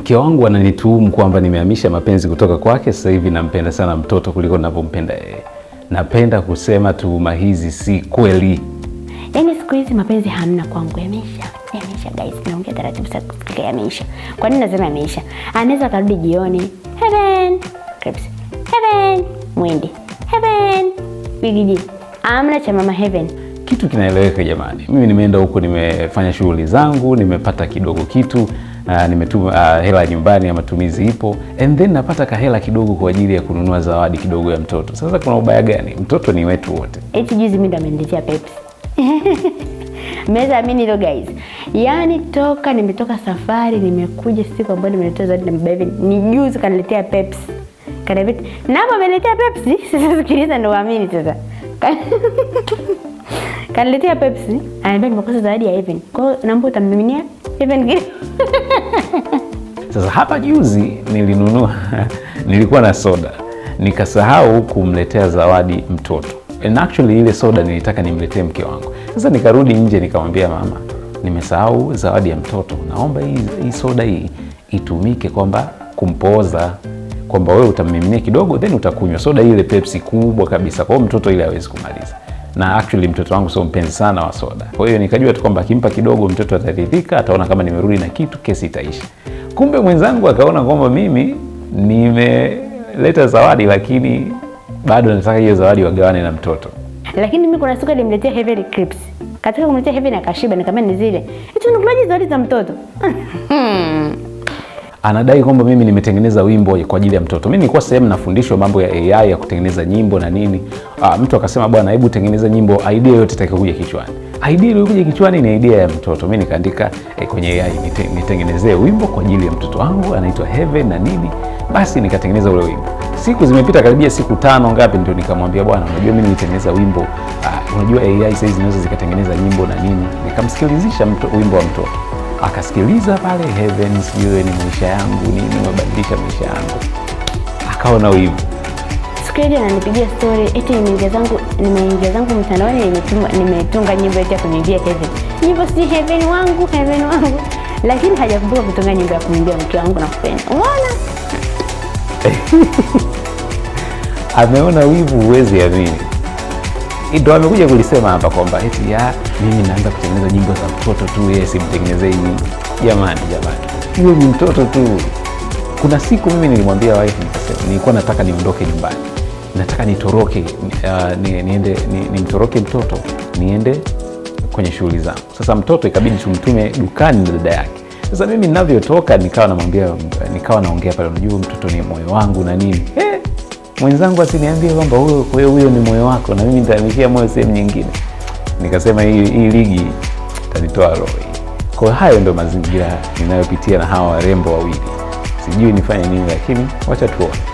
mke wangu ananituhumu kwamba nimehamisha mapenzi kutoka kwake, sasa hivi nampenda sana mtoto kuliko ninavyompenda yeye. Napenda kusema tuhuma hizi si kweli. Yaani siku hizi mapenzi hamna kwangu, yameisha. Yameisha guys, naongea taratibu sasa kufikia yameisha. Kwa nini nasema yameisha? Anaweza karudi jioni. Heaven. Crips. Heaven. Mwindi. Heaven. Bigidi. Amna cha mama Heaven. Kitu kinaeleweka jamani. Mimi nimeenda huko nimefanya shughuli zangu, nimepata kidogo kitu. Ah, nimetuma uh, hela nyumbani ya matumizi ipo, and then napata kahela kidogo kwa ajili ya kununua zawadi kidogo ya mtoto. Sasa kuna ubaya gani? Mtoto ni wetu wote. Eti juzi mimi ndo ameniletea Pepsi Meza amini hilo guys. Yaani toka nimetoka safari nimekuja siku ambayo nimeletea zawadi na baba ni juzi kaniletea Pepsi. Kaniambia, "Namba ameletea Pepsi?" Sasa sikiliza ndo waamini sasa. Kaniletea Pepsi. Ananiambia nimekosa zawadi ya Even. Kwa hiyo naomba utamiminia Even kidogo. Sasa hapa juzi nilinunua nilikuwa na soda nikasahau kumletea zawadi mtoto, and actually ile soda nilitaka nimletee mke wangu. Sasa nikarudi nje nikamwambia mama, nimesahau zawadi ya mtoto, naomba hii, hii soda hii itumike kwamba kumpoza kwamba wewe utammiminia kidogo then utakunywa soda ile Pepsi kubwa kabisa. Kwa hiyo mtoto ile hawezi kumaliza, na actually mtoto wangu sio mpenzi sana wa soda. Kwa hiyo nikajua tu kwamba akimpa kidogo mtoto ataridhika, ataona kama nimerudi na kitu, kesi itaisha. Kumbe mwenzangu akaona kwamba mimi nimeleta zawadi, lakini bado nataka hiyo zawadi wagawane na mtoto. Lakini mimi kuna siku nilimletea Heaven Clips, katika kumletea Heaven akashiba, nikamwambia ni zile hicho, unakulaje zawadi za mtoto? Anadai kwamba mimi nimetengeneza wimbo kwa ajili ya mtoto. Mimi nilikuwa sehemu nafundishwa mambo ya AI ya kutengeneza nyimbo na nini. Aa, ah, mtu akasema bwana, hebu tengeneza nyimbo idea yote itakayokuja kichwani idea ilikuja kichwani ni idea ya mtoto. Mimi nikaandika eh, kwenye AI nitengenezee wimbo kwa ajili ya mtoto wangu anaitwa Heaven na nini. Basi nikatengeneza ule wimbo. Siku zimepita karibia siku tano ngapi, ndio nikamwambia bwana, unajua mimi nitengeneza wimbo uh, unajua AI sasa hizi zinaweza zikatengeneza nyimbo na nini. Nikamsikilizisha wimbo wa mtoto akasikiliza pale Heaven, sijue ni maisha yangu nini, mabadilisha maisha yangu, akaona wimbo Fred ananipigia story eti nimeingia zangu nimeingia zangu mtandaoni nimetunga nimetunga nyimbo eti ya kumwimbia Kevin. Nyimbo si Kevin wangu, Kevin wangu. Lakini hajakumbuka kutunga nyimbo ya kumwimbia mke wangu na kupenda. Unaona? Ameona wivu uwezi ya amini. Ndio amekuja kulisema hapa kwamba eti ya mimi naanza kutengeneza nyimbo za mtoto tu, yeye simtengenezei nyimbo. Jamani jamani. Yule ni mtoto tu. Kuna siku mimi nilimwambia wife nikasema nilikuwa nataka niondoke nyumbani nataka nitoroke, uh, niende nimtoroke ni mtoto niende kwenye shughuli zangu. Sasa mtoto ikabidi tumtume dukani na dada yake. Sasa mimi ninavyotoka nikawa namwambia, nikawa naongea pale, unajua mtoto ni moyo wangu na nini mwenzangu asiniambie kwamba huyo kwa hiyo huyo ni moyo wako na mimi nitamishia moyo sehemu nyingine. Nikasema hii hii ligi tanitoa roho. Kwa hayo ndio mazingira ninayopitia na hawa warembo wawili, sijui nifanye nini, lakini wacha tuone.